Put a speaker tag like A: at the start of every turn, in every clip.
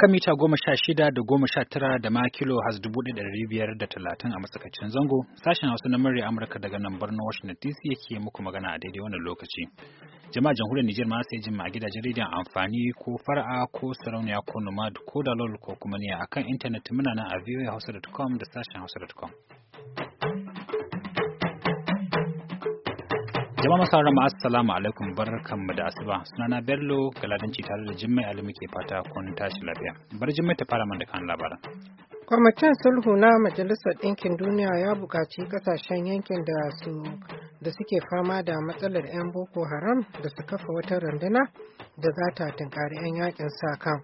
A: haka mita goma sha shida da goma sha tara da ma kilo has dubu ɗaya ɗari biyar da talatin a matsakaicin zango sashen hausa na murya amurka daga nan birnin washington dc yake muku magana a daidai wannan lokaci jama'a jamhuriyar nijar ma sai jin a gidajen rediyon amfani ko fara'a ko sarauniya ko nomad ko dalol ko kuma ne akan intanet muna nan a voahausa.com da sashen hausa.com Jama'a sauran ma assalamu alaikum mu da asuba sunana Bello Galadanci tare da Jimmai Ali ke fata kun tashi lafiya. Bar Jimmai ta fara da kan labaran.
B: Kwamitin sulhu na Majalisar Ɗinkin Duniya ya buƙaci ƙasashen yankin da su da suke fama da matsalar 'yan Boko Haram da su kafa wata randuna da za ta tunkari 'yan yakin sa kan.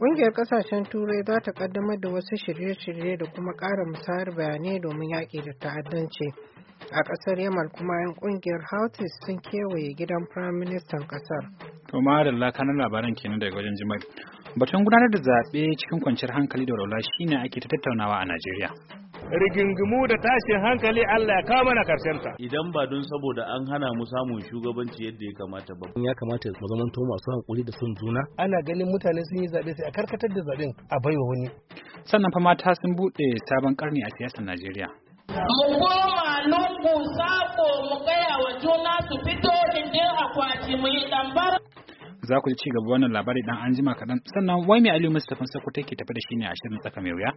B: Ƙungiyar ƙasashen Turai za ta ƙaddamar da wasu shirye-shirye da kuma ƙara musayar bayanai domin yaƙi da ta'addanci. a kasar yamal kuma 'yan kungiyar houthis sun kewaye gidan firaministan kasar
A: to madalla kanan labaran kenan daga wajen jima'i batun gudanar da zaɓe cikin kwanciyar hankali da rola shine ake ta tattaunawa a najeriya
C: rigingimu da tashin hankali Allah ya kawo mana ta. Idan ba
D: don saboda an hana mu samun shugabanci yadda ya kamata ba.
E: Ya kamata mu zama masu hankuli da son
A: juna. Ana ganin mutane sun yi zaɓe sai a karkatar da zaɓen a baiwa wani. Sannan fa mata sun buɗe sabon karni a siyasar Najeriya.
F: Mun ku sako mu gaya wa juna su fito cikin akwati mu yi ɗambar.
A: Za ku ji ci gaba wannan labari dan an jima kaɗan sannan wai mai Aliyu Mustapha Sako take tafi da shi ne a shirin tsaka mai wuya?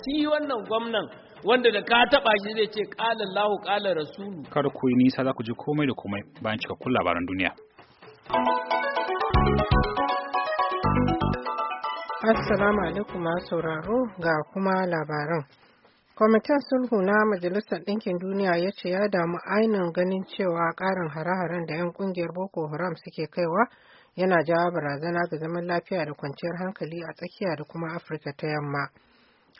F: Shi wannan gwamnan wanda da ka taɓa shi zai ce ƙalan lahu ƙalan rasulu.
A: Kar ku yi nisa za ku ji komai da komai bayan cikakkun labaran duniya.
B: Assalamu alaikum masauraro ga kuma labaran. kwamitin sulhu na majalisar ɗinkin duniya ya ce ya damu ainihin ganin cewa ƙarin hare-haren da 'yan ƙungiyar boko haram suke kaiwa yana jawo barazana ga zaman lafiya da kwanciyar hankali a tsakiya da kuma afirka ta yamma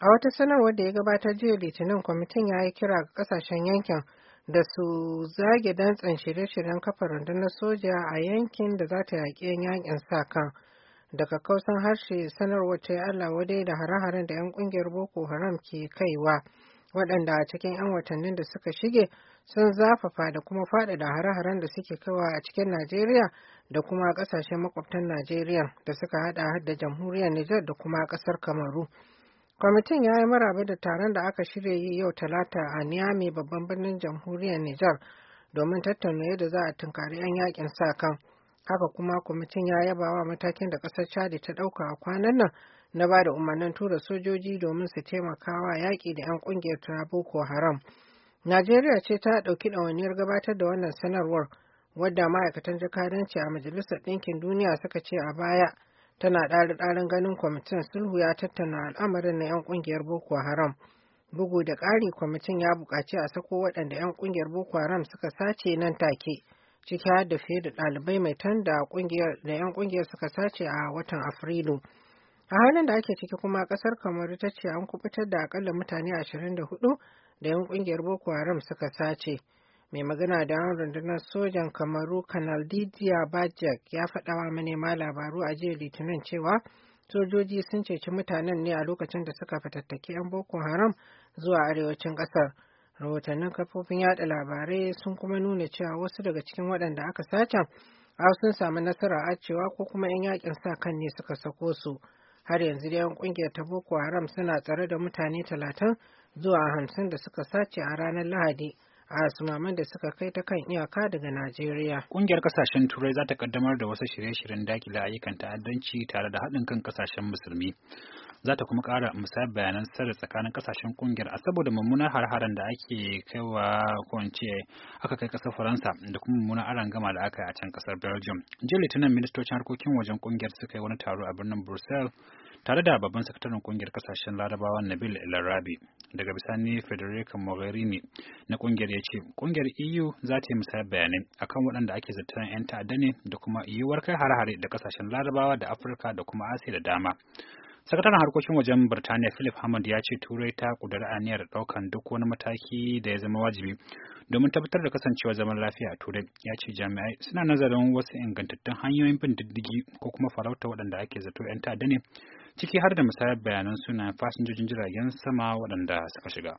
B: a wata sanarwar da ya gabatar jiya litinin kwamitin ya yi kira ga kasashen yankin da su zage dantsan shirye-shiryen kafa rundunar soja a yankin da za ta yaƙi yaƙin sa kan daga kausan harshe sanarwar ta Allah wadai da hare-haren da 'yan kungiyar Boko Haram ke kaiwa waɗanda a cikin 'yan watannin da suka shige sun zafafa da kuma faɗaɗa hare-haren da suke kaiwa a cikin Najeriya da kuma ƙasashen makwabtan Najeriya da suka haɗa da jamhuriyar Nijar da kuma ƙasar Kamaru. Kwamitin ya yi maraba da taron da aka shirya yi yau Talata a Niamey babban birnin jamhuriyar Nijar domin tattauna yadda za a tunkari 'yan yakin sa kan. haka kuma kwamitin ya yaba wa matakin da ƙasar chadi ta ɗauka a kwanan nan na ba da umarnin tura sojoji domin su taimaka wa yaƙi da 'yan ƙungiyar ta boko haram najeriya ce ta ɗauki ɗawainiyar gabatar da wannan sanarwar wadda ma'aikatan jakadanci a majalisar ɗinkin duniya suka ce a baya tana ɗari ɗarin ganin kwamitin sulhu ya tattauna al'amarin na 'yan ƙungiyar boko haram bugu da ƙari kwamitin ya buƙaci a sako waɗanda 'yan ƙungiyar boko haram suka sace nan take ciki har da fiye da ɗalibai mai tanda da yan kungiyar suka sace a watan afrilu a halin da ake ciki kuma kasar kamar ta ce an kubutar da akalla mutane 24 da yan kungiyar boko haram suka sace mai magana da yan rundunar sojan kamaru kanal didiya bajak ya faɗa wa manema labaru a jiya litinin cewa sojoji sun ceci mutanen ne a lokacin da suka fatattaki yan boko haram zuwa arewacin ƙasar rahotannin kafofin yada labarai sun kuma nuna cewa wasu daga cikin waɗanda aka sacen a sun samu nasara a cewa ko kuma 'yan yakin sa kan ne suka sako su har yanzu dai kungiyar ta boko haram suna tsare da mutane talatin zuwa hamsin da suka sace a ranar lahadi a sumaman da suka kai ta kan iyaka daga Najeriya.
A: Kungiyar kasashen Turai za ta kaddamar da wasu shirye-shiryen dakile ayyukan ta'addanci tare da haɗin kan kasashen musulmi. Za ta kuma ƙara musayar bayanan sirri tsakanin kasashen kungiyar a saboda mummunan har da ake kaiwa ko in ce aka kai ƙasar Faransa da kuma mummunan arangama da aka yi a can ƙasar Belgium. Jiya Litinin ministocin harkokin wajen kungiyar suka yi wani taro a birnin Brussels tare da babban sakataren kungiyar kasashen larabawa nabil larabi daga bisani federica mogherini na kungiyar ya ce kungiyar eu za ta yi musayar bayanai akan waɗanda ake zaton 'yan ta'adda ne da kuma yiwuwar kai har hare da kasashen larabawa da afirka da kuma asiya da dama sakataren harkokin wajen birtaniya philip hammond ya ce turai ta kudura aniyar daukan duk wani mataki da ya zama wajibi domin tabbatar da kasancewa zaman lafiya a turai ya ce jami'ai suna nazarin wasu ingantattun hanyoyin bin diddigi ko kuma farauta waɗanda ake zato 'yan ta'adda ne ciki har da musayar bayanan suna fasinjojin jiragen sama waɗanda suka shiga.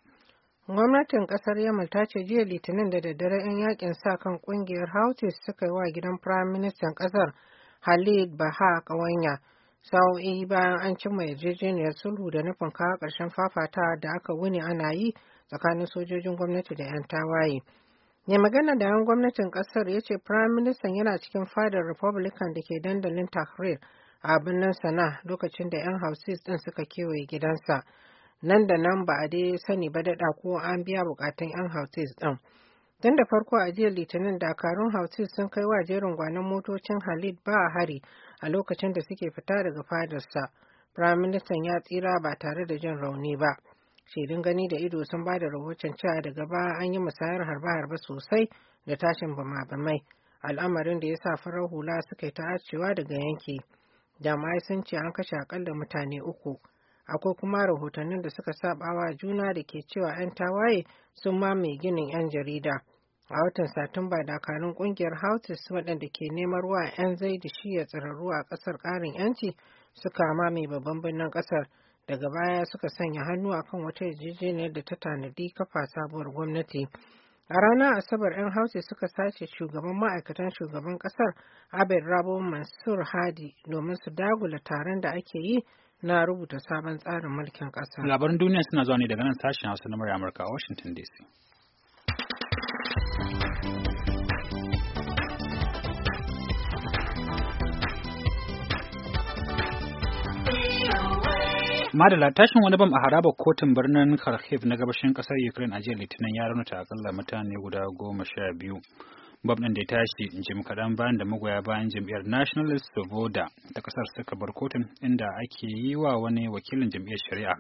B: Gwamnatin ƙasar Yamal ta ce jiya Litinin da daddare 'yan yakin sa kan kungiyar Houthis suka yi wa gidan Firaministan ƙasar Khalid Baha ƙawanya. Sau'i bayan an cimma yarjejeniyar sulhu da nufin kawo ƙarshen fafata da aka wuni ana yi tsakanin sojojin gwamnati da 'yan tawaye. Mai magana da 'yan gwamnatin ƙasar ya ce Firaministan yana cikin fadar Republican da ke dandalin Tahrir a birnin sana lokacin da 'yan houses din suka kewaye gidansa nan da nan ba a dai sani ba daɗa ko an biya bukatun 'yan houses din. tun da farko a jiya litinin dakarun houses sun kai wa jerin gwanon motocin halid ba a hari a lokacin da suke fita daga fadarsa firaministan ya tsira ba tare da jin rauni ba Shirin gani da ido sun ba da rahoton cewa daga ba an yi musayar harbe-harbe sosai da tashin bama-bamai al'amarin da ya sa farar hula suka yi ta daga yanki jama'ai sun ce an kashe akalla mutane uku akwai kuma rahotannin da suka sabawa juna da ke cewa 'yan tawaye sun mamaye ginin 'yan jarida a watan satumba dakarun kungiyar houses waɗanda ke neman ruwa 'yan zai da shi ya tsararru a ƙasar ƙarin 'yanci suka mamaye babban birnin ƙasar daga baya suka sanya hannu akan wata yarjejeniyar da ta tanadi kafa sabuwar gwamnati A ranar Asabar 'yan Hausa suka sace shugaban ma'aikatan shugaban kasar Abed Rabo Mansur Hadi domin su dagula taron da ake yi na rubuta sabon tsarin mulkin kasar. Labaran duniya
A: suna zuwa ne daga nan sashen Hausa na Amurka a Washington DC. da latashin wani bam a haraba kotun birnin Kharkiv na gabashin kasar Ukraine a jiya Litinin ya raunata akalla mutane guda goma sha biyu. Bam ɗin da ya tashi jim kaɗan bayan da magoya bayan jam'iyyar Nationalist voda ta ƙasar suka bar kotun inda ake yi wa wani wakilin jam'iyyar shari'a.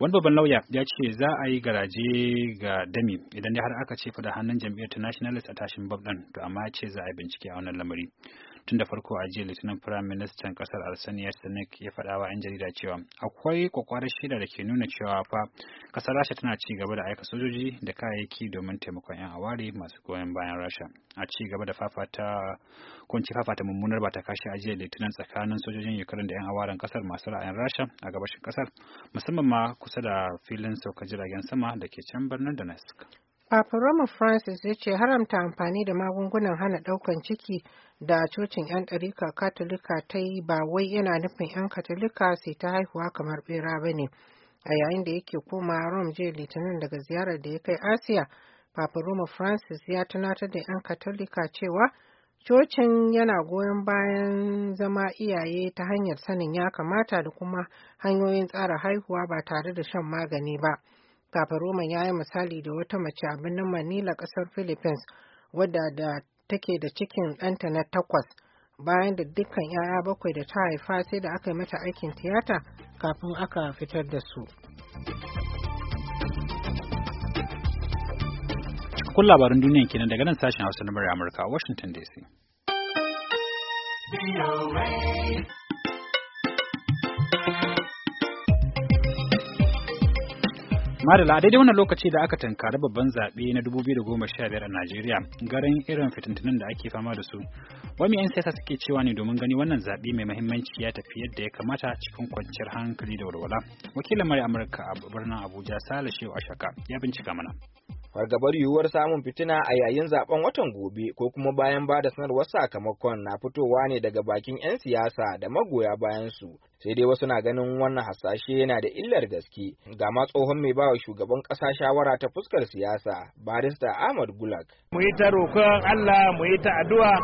A: Wani babban lauya ya ce za a yi garaje ga dami idan har aka ce da hannun jam'iyyar ta Nationalist a tashin bam ɗin to amma ya ce za a yi bincike a wannan lamari. tun da farko a jiya litinin firayim ministan kasar ya sinek ya faɗa wa 'yan jarida cewa akwai kwakwarar shida da ke nuna cewa fa kasar rasha tana ci gaba da aika sojoji da kayayyaki domin taimakon 'yan aware masu goyon bayan rasha a ci gaba da fafata kunci fafata mummunar ba ta kashi a jiya litinin tsakanin sojojin ukraine da 'yan awaren kasar masu ra'ayin rasha a gabashin kasar musamman ma kusa da filin saukar jiragen sama da ke can birnin donetsk
B: Papa Roma Francis ya ce haramta amfani da magungunan hana ɗaukan ciki da cocin 'yan ɗarika Katolika ta yi ba wai yana nufin 'yan Katolika sai ta haihuwa kamar bera ba ne. A yayin da yake koma Rome jiya Litinin daga ziyarar da ya kai Asiya, Papa Roma Francis ya tunatar da 'yan Katolika cewa cocin yana goyon bayan zama iyaye ta hanyar sanin ya kamata da kuma hanyoyin tsara haihuwa ba tare da shan magani ba. roman ya yi misali da wata mace a birnin Manila ƙasar Philippines wadda da take da cikin ɗanta na takwas bayan da dukkan 'ya'ya bakwai da ta haifa sai da aka yi mata aikin tiyata kafin aka fitar da su.
A: Kun labarin duniyan kenan daga nan sashen Hausa na Amurka a Washington DC. Madala a daidai wannan lokaci da aka tankari babban zaɓe na 2015 a Najeriya garin irin fitintunan da ake fama da su. Wani 'yan siyasa suke cewa ne domin gani wannan zaɓe mai mahimmanci ya tafi yadda ya kamata cikin kwanciyar hankali da walwala. Wakilin Mari Amurka a birnin Abuja Sale Shehu Ashaka ya bincika mana.
G: fargabar yiwuwar samun fitina a yayin zaben watan gobe ko kuma bayan ba da sanarwar sakamakon na fitowa ne daga bakin 'yan siyasa da magoya bayan su sai dai wasu na ganin wannan hasashe yana da illar gaske ga ma tsohon mai bawa shugaban ƙasa shawara ta fuskar siyasa barista ahmad gulag mu yi ta
C: roƙon allah mu yi ta addu'a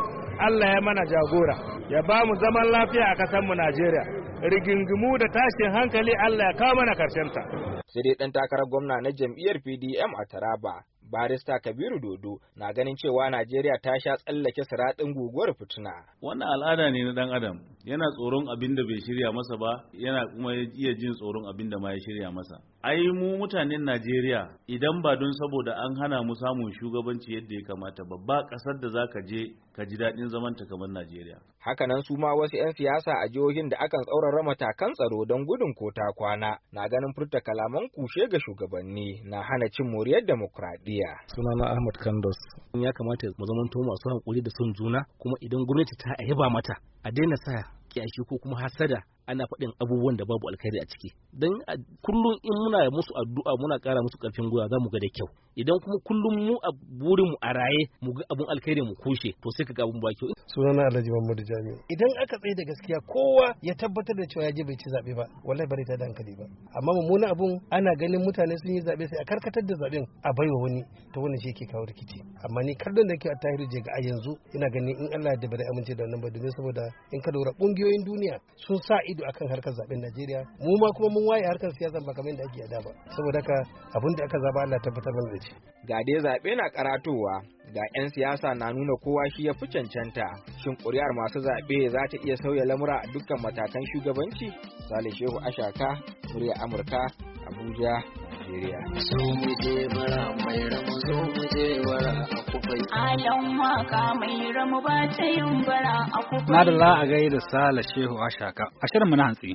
C: allah ya mana jagora ya ba mu zaman lafiya a ƙasar mu najeriya rigingimu da tashin hankali allah ya kawo mana karshen ta
G: sai dai ɗan takarar gwamna na jam'iyyar pdm a taraba barista kabiru dodo na ganin cewa najeriya ta sha tsallake siratin guguwar fituna
D: wannan al'ada ne na dan adam yana tsoron abin da bai shirya masa ba yana kuma iya jin tsoron abin da ma ya shirya masa ai mu mutanen najeriya idan ba don saboda an hana mu samun shugabanci yadda ya kamata babba ƙasar da zaka je ka ji daɗin zamanta kamar Najeriya.
G: Hakanan su ma wasu 'yan siyasa a jihohin da akan tsaurara matakan tsaro don gudun ko ta kwana na ganin furta kalaman kushe ga shugabanni na hana cin moriyar demokradiyya. na Ahmad Kandos ya
F: kamata mu zamanto masu hankuri da son juna kuma idan gwamnati ta ba mata a daina sa kyashi ko kuma hasada ana faɗin abubuwan da babu alkhairi a ciki don kullum in muna musu addu'a muna ƙara musu ƙarfin gwiwa za mu ga da kyau idan kuma kullum mu a burin mu a raye mu ga abun alkhairi mu kushe to sai ka ga abun baki
H: sunana Alhaji Muhammadu Jami'u
I: idan aka tsaye da gaskiya
E: kowa ya tabbatar da cewa ya je bai ci zabe ba wallahi bare ta da hankali ba amma mummunan abun ana ganin mutane sun yi zabe sai a karkatar da zaben a baiwa wani ta wannan shi yake kawo rikici amma ni kallon da ke a tahiru je ga a yanzu ina ganin in Allah ya da amince da wannan ba domin saboda in ka lura kungiyoyin duniya sun sa ido akan harkar zaben Najeriya mu ma kuma mun waye harkar siyasa ba kamar yadda ake yada ba saboda haka abin da aka zaba Allah tabbatar mana da shi
G: ga dai zabe na karatowa ga 'yan siyasa na nuna kowa shi ya fi cancanta shin ƙuri'ar masu zabe za ta iya sauya lamura a dukkan matakan shugabanci sale shehu ashaka murya amurka abuja
A: Najeriya. So mu je bara mai ramu so mu je bara a kufai.
F: Alan waka mai ramu ba ta yin bara a kufai. la
A: a da Sala Shehu a shaka. A shirin mu na hantsi.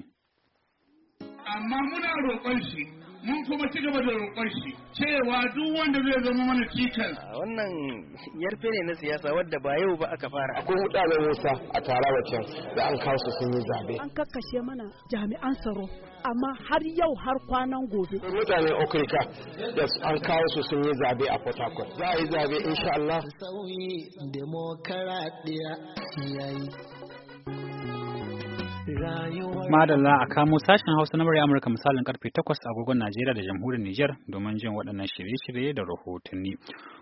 J: Amma muna roƙon shi mun kuma ci gaba da roƙon shi cewa duk wanda zai zama mana cikas. wannan
F: yarfe ne na siyasa wadda ba yau ba aka fara. akwai mutane musa a tara wacan
G: da an kawo su sun yi zabe.
F: an kakkashe mana jami'an tsaro amma har yau har kwanan gobe. mutanen okirka da an kawo su
C: sun yi zabe a port harcourt za a yi zabe insha allah.
F: sauyi demokaradiyya yayi.
A: Madalla a kamo sashen Hausa na murya Amurka misalin karfe 8 agogon Najeriya da jamhuriyar Nijar domin jin waɗannan shirye-shirye da rahotanni.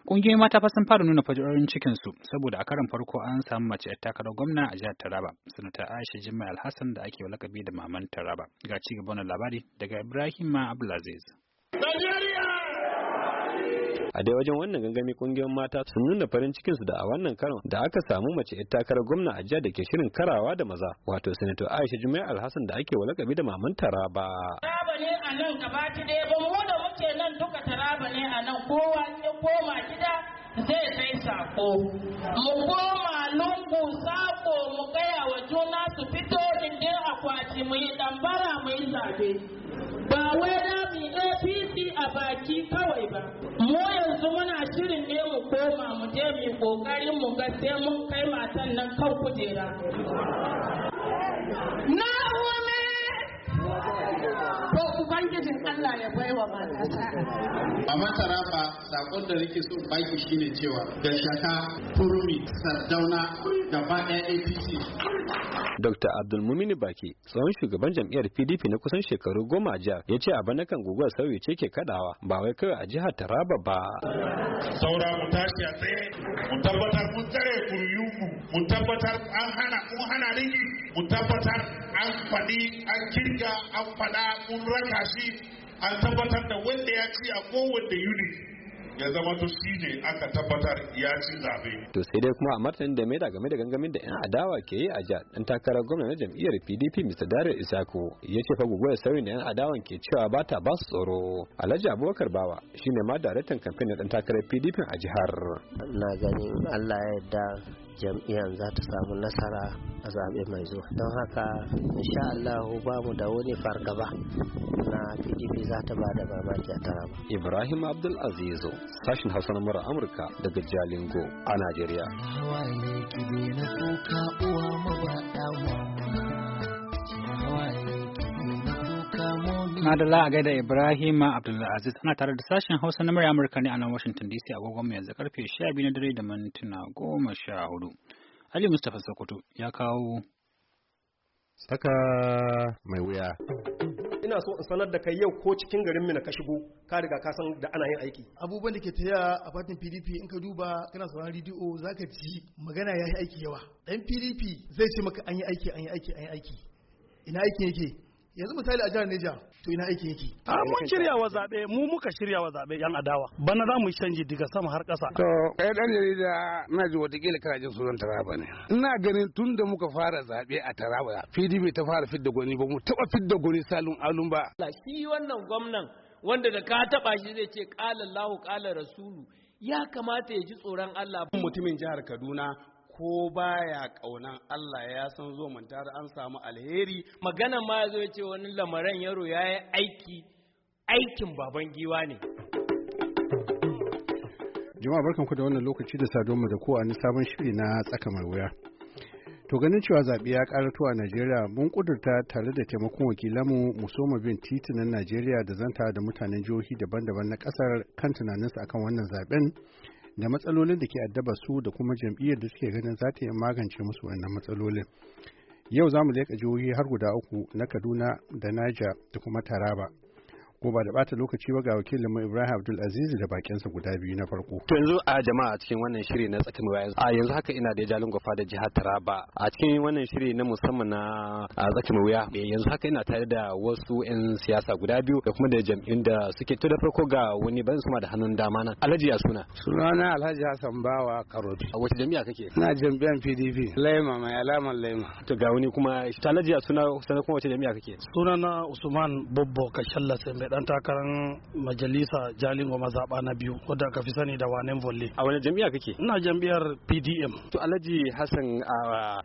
A: ƙungiyoyi mata fa sun fara nuna fajirorin cikin su saboda a karon farko an samu mace yar takarar gwamna a jihar Taraba, sanata Aisha Jimma Alhassan da ake lakabi da maman Taraba. Ga ci gaban labari daga Ibrahim Abdulaziz. Najeriya
E: a dai wajen wannan gangami kungiyoyin mata sun nuna farin cikin su da a wannan karon da aka samu mace ita takarar gwamna a jiya da ke shirin karawa da maza wato sanato aisha jumai alhassan da ake walakabi da maman taraba
F: taraba ne a nan gaba ki ɗaya ba mu da muke nan duka taraba ne a nan kowa ya koma gida zai sai sako mu koma lungu sako mu gaya wa juna su fito dai akwati mu yi dambara mu yi zabe ba ƙoƙarin mu ga mun kai matan nan kan kujera mijin Allah ya bai wa
B: matata. A masara
F: ba
H: sakon da rike sun baki ne cewa da shaka turumi sardauna ba ɗaya APC.
E: Dr. Abdulmumini Baki, tsohon shugaban jam'iyyar PDP na kusan shekaru goma a jihar, ya ce a bana kan guguwar sauyi ce ke kadawa ba wai kawai a jihar Taraba ba. Saura mu tashi
I: a tsaye,
C: mu tabbatar mun tsare mu. mu tabbatar an hana kun hana ringi mu tabbatar an faɗi an kirga an faɗa mun raka shi an tabbatar da wanda ya ci a kowanne yuni.
I: ya zama to shi ne aka tabbatar ya ci zabe.
E: To sai dai kuma a martanin da maida game da gangamin da 'yan adawa ke yi a jihar dan takarar gwamna na jam'iyyar PDP Mr. Dare Isako ya ce fa guguwar sauyin da 'yan adawan ke cewa ba ta ba su tsoro. Alhaji Abubakar Bawa shine ma daraktan kamfen na dan takarar PDP a jihar. Na gani
F: Allah ya yarda jam'iyyar za ta samu nasara a zaɓe mai zuwa don haka insha allahu ba mu da wani fargaba na pdp za ta ba da mamaki a tara ba.
E: ibrahim abdul Azizu sashin hausa na mura amurka daga jalingo a najeriya
A: hawaye
J: ne ki na kuka uwa
F: da
A: a gaida Ibrahim Abdulaziz ana tare da sashen Hausa na murya Amurka ne a nan Washington DC a agogon mu yanzu karfe 12 na dare da mintuna 14. Ali Mustapha Sokoto ya kawo saka mai wuya.
I: ina so in sanar da kai yau ko cikin garin na ka shigo ka riga ka san da ana yin aiki
J: abubuwan da ke taya a fatin pdp in ka duba kana sauraron rediyo zaka ka ji magana yayi aiki yawa dan pdp zai ce maka an yi aiki an yi aiki an yi aiki ina aiki yake yanzu misali a jihar Neja to ina aiki yake
F: a mun shirya wa
D: zabe mu muka shirya wa zabe yan adawa bana za mu canji daga sama har ƙasa
C: to kai dan jarida na ji
D: watakila kana jin sunan Taraba ne
C: ina ganin tunda muka fara zabe a Taraba PDP ta fara fidda goni ba mu taba fidda goni salun alun ba
F: shi wannan gwamnan wanda da ka taba shi zai ce qala Allahu rasulu ya kamata ya ji tsoron Allah mutumin
C: jihar Kaduna ko baya ƙaunan Allah ya san zo mantar an samu alheri magana ma zo ce wani lamaran yaro ya yi aiki aikin
F: baban giwa ne
H: jama'a barkanku da wannan lokaci da mu da ko ni sabon shiri na tsaka mai wuya to ganin cewa zaɓe ya karato a najeriya mun kudurta tare da taimakon wakilanmu musoma bin titunan najeriya da zanta da mutanen jihohi daban-daban na ƙasar kan tunaninsu akan wannan zaɓen da matsalolin da ke addaba su da kuma jam'iyyar da suke ganin za ta magance musu wannan matsalolin yau za mu leƙa jihohi har guda uku na kaduna da naija da kuma taraba ko ba da bata lokaci ba ga wakilin mu Ibrahim Abdul Aziz da bakinsa guda biyu na farko.
E: To yanzu a jama'a cikin wannan shiri na tsakin bayan a yanzu haka ina da jalin gofa da jihar Taraba a cikin wannan shiri na musamman na tsakin wuya eh, yanzu haka ina tare da wasu 'yan siyasa guda biyu da kuma da jam'in da suke to da farko ga wani ban suma da hannun dama na Alhaji ya suna. Sunana Alhaji Hassan Bawa Karobi. A wace jami'a kake? Na jam'iyyar PDP. Laima mai alamar Laima. To ga wani kuma Alhaji ya sanar kuma wace jami'a kake?
D: Sunana Usman Bobbo Kashalla Sembe dan takarar majalisa jalingo zaba na biyu wadda ka fi sani da wanen volle
E: a wani jam'iyya kake ina
D: jam'iyyar pdm
E: to alhaji hassan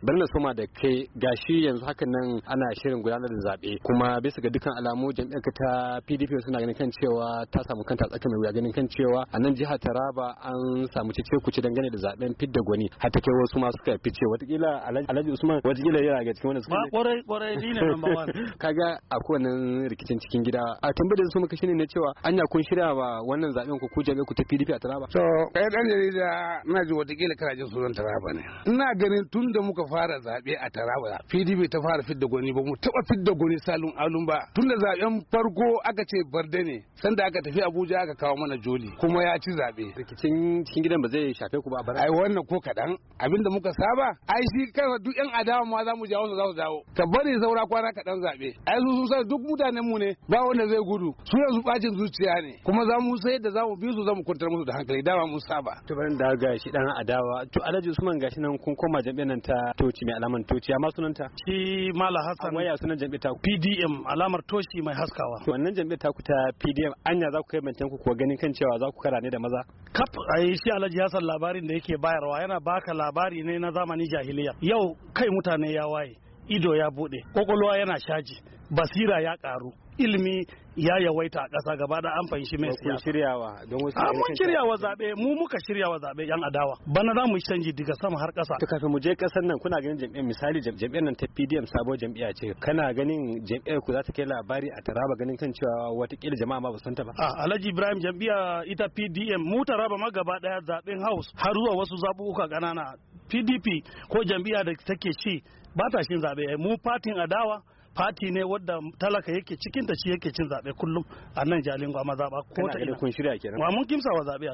E: bari na soma da kai gashi yanzu hakan nan ana shirin gudanar da zaɓe kuma bisa ga dukkan alamu jam'iyyar ka ta pdp suna ganin kan cewa ta samu kanta tsaka mai wuya ganin kan cewa a nan jihar taraba an samu cece kuce dangane da zaɓen fidda gwani har ta kai wasu ma suka fice watakila alhaji usman kila yana ga cikin wani suka kwarai kwarai ni ne number one kaga akwai kowane rikicin cikin gida a tambayar tambayar da su muka shine ne cewa anya kun shirya wa wannan zaben ku ku ku ta PDP a Taraba to
D: kai dan
C: jarida ina ji watakila kana jin sunan Taraba ne ina ganin tun da muka fara zabe a Taraba PDP ta fara fidda gwani ba mu taba fidda gwani salun alun ba tun da zaben farko aka ce barde ne sanda aka tafi Abuja aka kawo mana joli kuma ya ci zabe rikicin cikin gidan ba zai shafe ku ba ai wannan ko kadan abinda muka saba ai shi kansa duk yan adawa ma za mu jawo su za su jawo. ka bari saura kwana kadan zabe ai su sun duk mutanen mu ne ba wanda zai gudu gudu su yanzu bacin zuciya ne kuma za mu sai da za mu bi su za mu kwantar musu da hankali dama mun saba
E: to bari da ga shi dan adawa to Alhaji Usman gashi nan kun koma jami'an nan ta toci mai alaman toci amma sunanta
D: shi Mala Hassan waya sunan jami'an ta PDM alamar toci mai haskawa
E: wannan jami'an ta ku ta PDM
D: anya za ku kai mantan ku kuwa ganin kan cewa za ku kara ne da maza kaf ai shi Alhaji hasan labarin da yake bayarwa yana baka labari ne na zamani jahiliya yau kai mutane ya waye ido ya bude kwakwalwa yana shaji basira ya karu ilimi ya yawaita a ƙasa gaba da an fahimci mai siyasa. shiryawa don wasu mun shiryawa zaɓe mu muka shiryawa zaɓe yan adawa bana za
E: mu canji daga sama har ƙasa. to kafin mu je ƙasar nan kuna ganin jam'iyyar misali jam'iyyar nan ta PDM sabo jam'iyya ce kana ganin jam'iyyar ku za ta kai labari a taraba ganin kan cewa watakila jama'a ma ba san ta ba. a
D: Alhaji Ibrahim jam'iyya ita PDM mu taraba ma gaba ɗaya zaɓen House har zuwa wasu zaɓuɓɓuka ƙanana PDP ko jam'iyya da take ci ba ta shin zaɓe mu fatin adawa fati ne wadda talaka yake cikin ta shi yake cin zaɓe kullum a nan jalingo amma zaɓa ko ta ina kun
H: shirya kenan wa mun kimsa wa zaɓe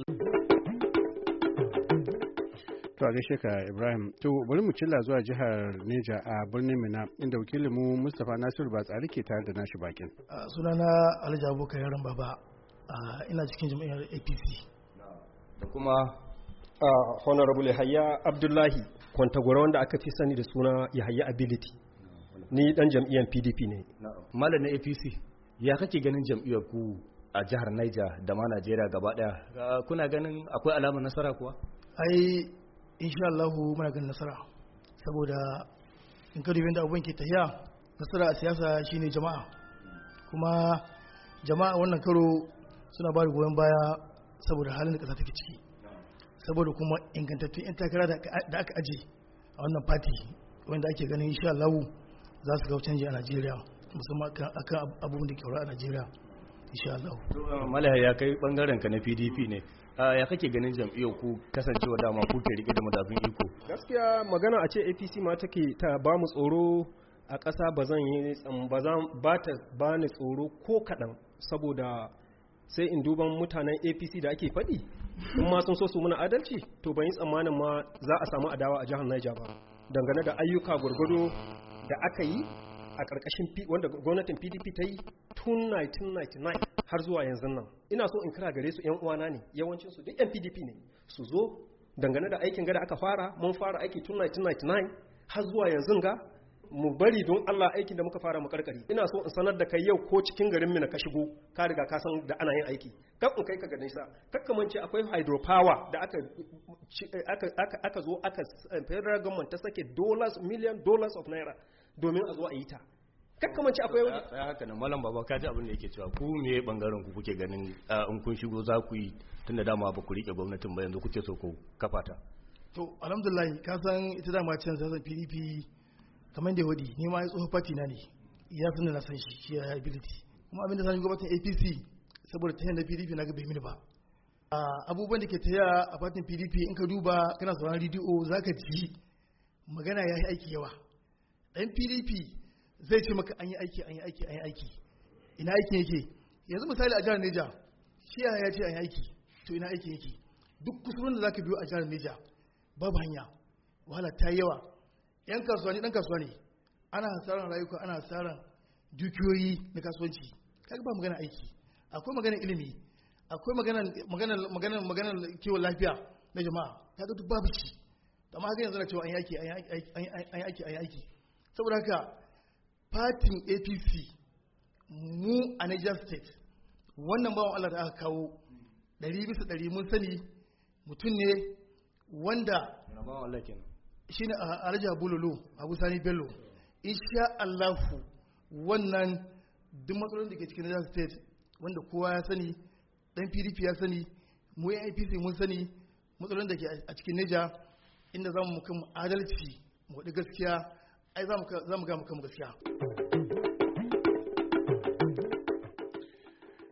H: to a gaishe ka ibrahim to bari mu cilla zuwa jihar neja a birnin mina inda wakilinmu mustapha nasiru ba tsari ke tare da nashi bakin
J: sunana alhaji abubakar Yaron baba ina cikin jam'iyyar apc
H: da kuma honorable
I: yahaya abdullahi kwantagora wanda aka fi sani da suna yahaya ability ni dan jam'iyyar pdp ne malam na apc ya kake ganin jam'iyyar ku a jihar
E: niger da ma najeriya gaba daya
D: kuna ganin akwai alamar nasara kuwa
J: ai insha Allah muna ganin nasara saboda in ka dubin da abubuwan ke tafiya nasara a siyasa shine jama'a kuma jama'a wannan karo suna ba da goyon baya saboda halin da ƙasa take ciki saboda kuma ingantattun 'yan takara da aka aje a wannan fati wanda ake ganin insha Allah za su kawo canji a najeriya musamman akan abubuwan da kyaura a najeriya insha Allah.
D: Malaha ya kai bangaren ka na PDP ne. ya kake ganin jam'iyyar ku kasancewa dama ku ke rike
G: da madafin iko?
I: Gaskiya magana a ce APC ma take ta ba mu tsoro a ƙasa ba zan yi ba ta ba ni tsoro ko kaɗan saboda sai in duban mutanen APC da ake faɗi in ma sun so su muna adalci to ban yi tsammanin ma za a samu adawa a jihar Niger ba dangane da ayyuka gwargwado da aka yi a ƙarƙashin wanda gwamnatin pdp ta yi tun 1999 har zuwa yanzu nan ina so in kira gare su 'yan uwana ne su duk 'yan pdp ne su zo dangane da aikin gada aka fara mun fara aiki tun 1999 har zuwa yanzu ga mu bari don Allah aikin da muka fara mu karkari ina so in sanar da kai yau ko cikin garin mina ka shigo ka riga ka san da ana yin aiki kan in kai ka ganin sa kakka ka akwai hydropower da aka aka, aka zo aka eh, federal government ta sake dollars million dollars of naira domin a zo a yi ta mace akwai
E: wani ya haka nan malam baba kaji abin da yake cewa ku me bangaren ku kuke ganin in kun shigo za ku yi tun da dama ba ku rike gwamnatin ba yanzu kuke so ku kafa ta
J: to alhamdulillah ka san ita dama can sai PDP kamar da wadi ni ma ya tsohon party na ne ya san da na san shi shi ya ability kuma abin da san gwamnatin APC saboda ta da PDP na ga bai mini ba abubuwan da ke taya a fatin PDP in ka duba kana sauraron za ka ji magana ya yi aiki yawa dan pdp zai ce maka an yi aiki an yi aiki an yi aiki ina aikin yake yanzu misali a jihar neja shi ya ce an yi aiki to ina aikin yake duk kusurin da za ka biyo a jihar neja babu hanya wahala ta yawa yan kasuwa ne dan kasuwa ne ana hasaran rayuka ana hasaran dukiyoyi na kasuwanci kaga ba magana aiki akwai magana ilimi akwai maganar kiwon lafiya na jama'a kaga duk babu shi amma haka yanzu na cewa an yi aiki an yi aiki an yi aiki saboda haka fatin apc mu a niger state wannan bawan allah da aka kawo ɗari bisa ɗari mun sani mutum ne wanda shi ne a ah, raja bululu abu sani bello sha allahu wannan duk matsalolin da ke cikin niger state wanda kowa ya sani dan pdp ya sani mu ya apc mun sani matsalolin da ke a cikin niger inda za mu kan adalci mu gaskiya ai za mu ga muka gaskiya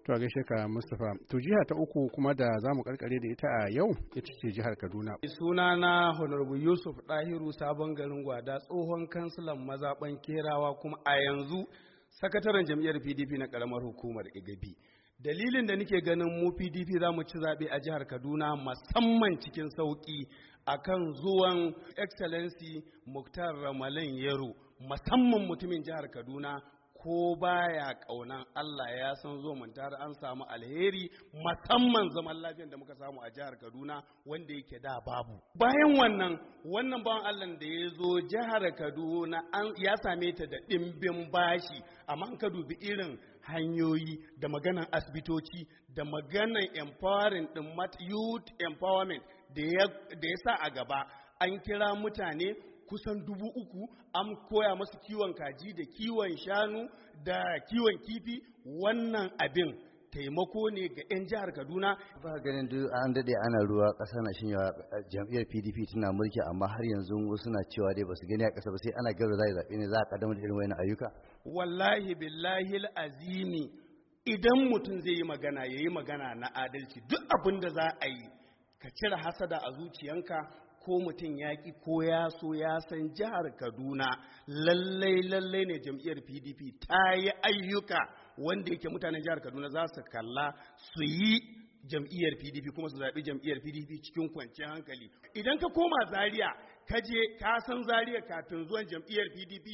H: to a gaishe ka Mustapha to jiha ta uku kuma da za mu karkare da ita a yau ita ce jihar Kaduna
C: na Honorable Yusuf Dahiru sabon garin Gwada tsohon kansilan mazaban Kerawa kuma a yanzu sakataren jam'iyyar PDP na karamar hukumar Igabi dalilin da nake ganin mu pdp za mu ci zaɓe a jihar kaduna musamman cikin sauƙi kan zuwan excellency muktar ramalin yaro musamman mutumin jihar kaduna ko baya ƙaunan Allah ya san zo tare an samu alheri musamman zaman lafiyan da muka samu a jihar Kaduna wanda yake da babu. Bayan wannan wannan bawan Allah da ya zo jihar Kaduna ya same ta da ɗimbin bashi amma ka dubi irin hanyoyi da maganan asibitoci da maganan empowering din youth empowerment da ya sa a gaba an kira mutane kusan dubu uku an koya masu kiwon kaji da kiwon shanu da kiwon kifi wannan abin taimako ne ga 'yan jihar kaduna
J: ba ganin duk an daɗe ana ruwa ƙasa na shinyawa jam'iyyar pdp tana mulki amma har yanzu wasu na cewa dai ba su gani a ƙasa ba sai ana gara za zaɓe ne za a ƙaddamar da irin wayan ayyuka
C: wallahi billahi azimi idan mutum zai yi magana ya yi magana na adalci duk abin da za a yi ka cire hasada a zuciyanka ko mutum ya ki ko ya so ya san jihar kaduna lallai lallai ne jam'iyyar pdp ta yi ayyuka wanda yake mutanen jihar kaduna za su kalla su yi jam'iyyar pdp kuma su zaɓi jam'iyyar pdp cikin kwanciyar hankali idan ka koma Zariya ka je ka san zaria kafin zuwan jam'iyyar pdp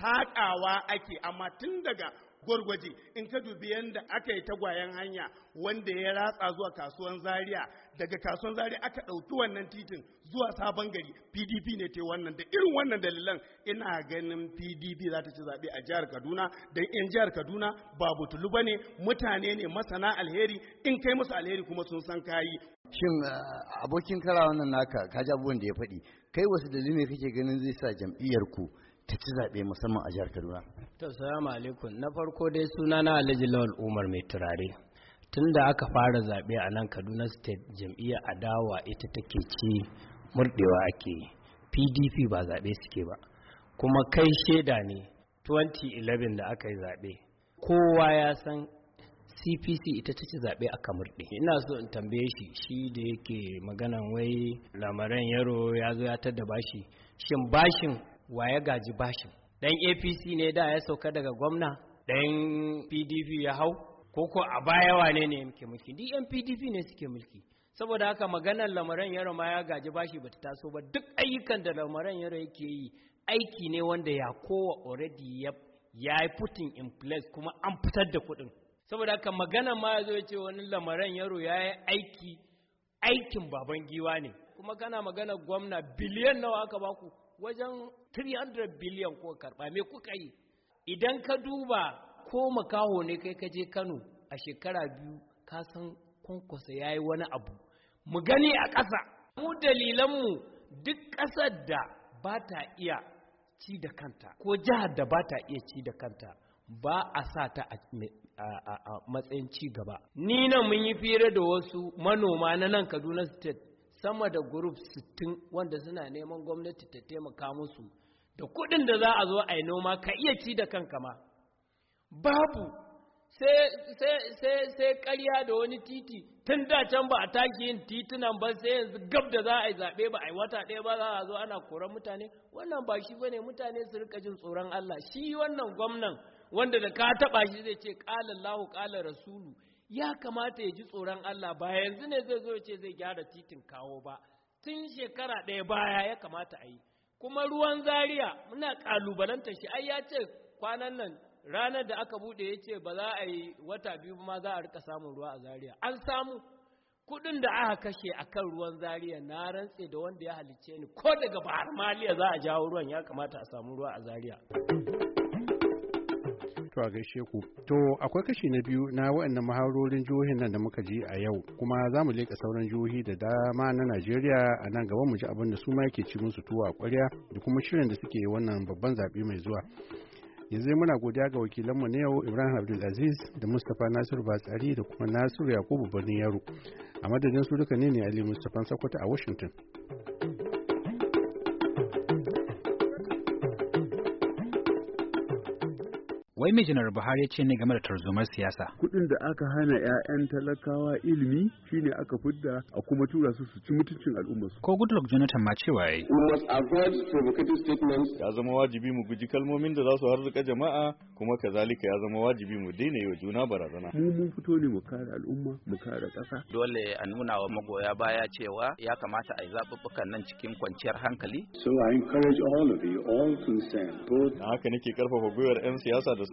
C: sakawa ake amma tun daga gwargwaje in ka dubi yadda aka yi tagwayen hanya wanda ya ratsa zuwa kasuwan zaria daga kasuwan zaria aka ɗauki wannan titin zuwa sabon gari pdp ne ta wannan da irin wannan dalilan ina ganin pdp za ta ci zaɓe a jihar kaduna don yan jihar kaduna ba butulu ba ne mutane ne masana alheri in kai musu alheri kuma sun san kayi
J: shin eh, abokin kara wannan naka kaji abubuwan da ya faɗi kai wasu dalilai kake ganin zai sa jam'iyyar ku ta ci zaɓe musamman a jihar Kaduna?
F: To, salamu alaikum. Na farko dai suna na Alhaji Lawal Umar mai turare. Tun da aka fara zaɓe a nan Kaduna State jam'iyyar adawa ita take ci murɗewa ake yi. PDP ba zaɓe suke ba. Kuma kai shaida ne 2011 da aka yi zaɓe. Kowa ya san CPC ita ta ci zaɓe aka murɗe. Ina so in tambaye shi shi da yake maganan wai lamaran yaro ya zo ya tadda bashi. Shin bashin wa ya gaji bashi? dan apc ne da ya sauka daga gwamna dan pdp ya hau ko a baya wane ne yake mulki duk yan pdp ne suke mulki saboda haka maganar lamaran yaro ma ya gaji bashi bata taso ba duk ayyukan da lamaran yaro yake yi aiki ne wanda ya kowa already ya ya yi putting in place kuma an fitar da kuɗin saboda haka magana ma ya zo ce wani lamaran yaro ya yi aiki aikin baban giwa ne kuma kana magana gwamna biliyan nawa aka baku wajen 300 biliyan ko karba me kuka yi idan ka duba ko makaho ne kai ka je kano a shekara biyu ka san kwankwasa ya yi wani abu mu gani a ƙasa mu dalilanmu duk ƙasar da ba ta iya ci da kanta ko jihar da ba ta iya ci da kanta ba a sa ta a matsayin ci gaba ni nan mun yi fira da wasu manoma na nan kaduna state sama da group 60 wanda suna neman gwamnati ta taimaka musu da kudin da za a zo a yi noma ka iya ci da kanka ma babu sai karya da wani titi tun da can ba a taki yin titunan ba sai yanzu gab da za a yi zaɓe ba a yi wata ɗaya ba za a zo ana koran mutane wannan ba shi ba ne mutane su rika jin tsoron Allah shi wannan gwamnan wanda da ka taɓa shi zai ce ƙalallahu ƙalar rasulu ya kamata ya ji tsoron Allah ba yanzu ne zai zo ce zai gyara titin kawo ba tun shekara ɗaya baya ya kamata a yi kuma ruwan zaria muna ƙalubalanta shi ai ya ce kwanan nan ranar da aka buɗe ya ce ba za a yi wata biyu ma za a rika samun ruwa a zaria an samu kuɗin da aka kashe a kan ruwan zaria na rantse da wanda ya halicce ni ko daga bahar maliya za a jawo ruwan ya kamata a samu ruwa a zaria
H: To a gaishe ku. To akwai kashi na biyu na waɗannan maharorin jihohin nan da muka ji a yau kuma za mu leƙa sauran jihohi da dama na Najeriya a nan gaba mu ji abin da su ma yake ci musu tuwa a ƙwarya da kuma shirin da suke wannan babban zaɓe mai zuwa. yanzu muna godiya ga wakilanmu na yau ibrahim abdulaziz da mustapha nasiru batsari da kuma nasiru yakubu birnin yaro a madadin su duka ne ne ali mustapha sokoto a washington
A: Wai mai janar Buhari ya ce ne game da tarzomar siyasa.
C: Kudin da aka hana 'ya'yan talakawa ilimi shine aka fidda a kuma tura su su ci mutuncin al'ummar su. Ko Goodluck Jonathan ma cewa yayi. Ya zama wajibi mu guji kalmomin da za su harzuka jama'a kuma kazalika ya zama wajibi mu daina yi wa juna barazana. Mu mun fito ne mu kare al'umma mu kare ƙasa.
G: Dole a nuna wa magoya baya cewa ya kamata a yi zaɓuɓɓukan nan cikin kwanciyar hankali. So I encourage all of you all to stand Both... Haka nake karfafa gwiwar 'yan siyasa da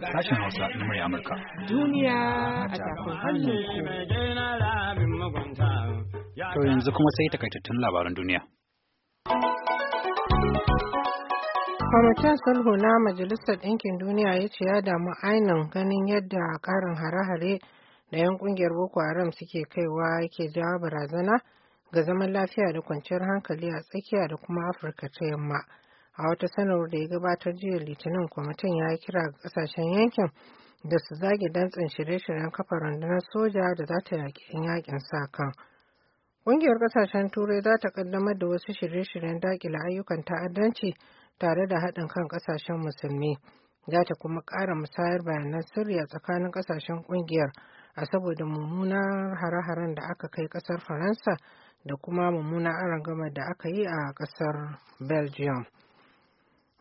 A: Sashen Hausa na murya Amurka.
F: Duniya a
A: tafin yanzu kuma sai takaitattun labaran duniya.
B: kwamitin sulhu na majalisar ɗinkin duniya ya ce ya damu ainihin ganin yadda karin hare-hare da 'yan ƙungiyar boko haram suke kaiwa yake jawo barazana ga zaman lafiya da kwanciyar hankali a tsakiya da kuma afirka ta yamma a wata sanar da ya gabatar jiya litinin kwamitin ya yi kira ga kasashen yankin da su zage dantsin shirye-shiryen kafa rundunar soja da za ta yaƙi yakin sa kan ƙungiyar ƙasashen turai za ta ƙaddamar da wasu shirye-shiryen daƙile ayyukan ta'addanci tare da haɗin kan ƙasashen musulmi za ta kuma ƙara musayar bayanan sirri a tsakanin ƙasashen ƙungiyar a saboda mummunar hare-haren da aka kai ƙasar faransa da kuma mummunar arangamar da aka yi a ƙasar belgium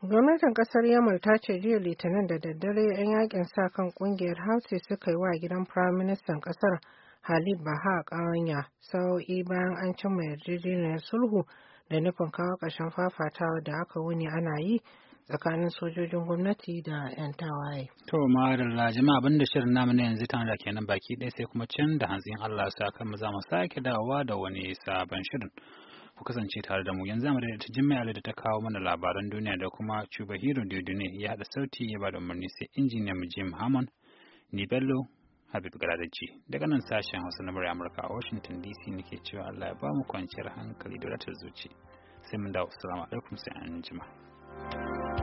B: Gwamnatin kasar Yamal ta ce jiya Litinin da daddare 'yan yakin sa kan kungiyar hausa suka yi wa gidan Firaministan kasar Halid Baha ƙawanya sau'i bayan an cimma yarjejeniyar sulhu da nufin kawo ƙarshen fafatawa da aka wuni ana yi tsakanin sojojin gwamnati da 'yan tawaye.
A: To ma'adalla jama'a abin da shirin namu na yanzu tana da kenan baki ɗaya sai kuma can da hantsin Allah sa kan mu za mu sake dawowa da wani sabon shirin. ku kasance tare da mu yanzu amma da jimmai da ta kawo mana labaran duniya da kuma cuba Chubahiro Diodune ya haɗa sauti ya ba da umarni sai injiniyan mu Jim Hammond ni Bello Habib Galadaci daga nan sashen Hausa na murya Amurka a Washington DC nake cewa Allah ya ba mu kwanciyar hankali da ratar zuci sai mun dawo assalamu alaikum sai an jima.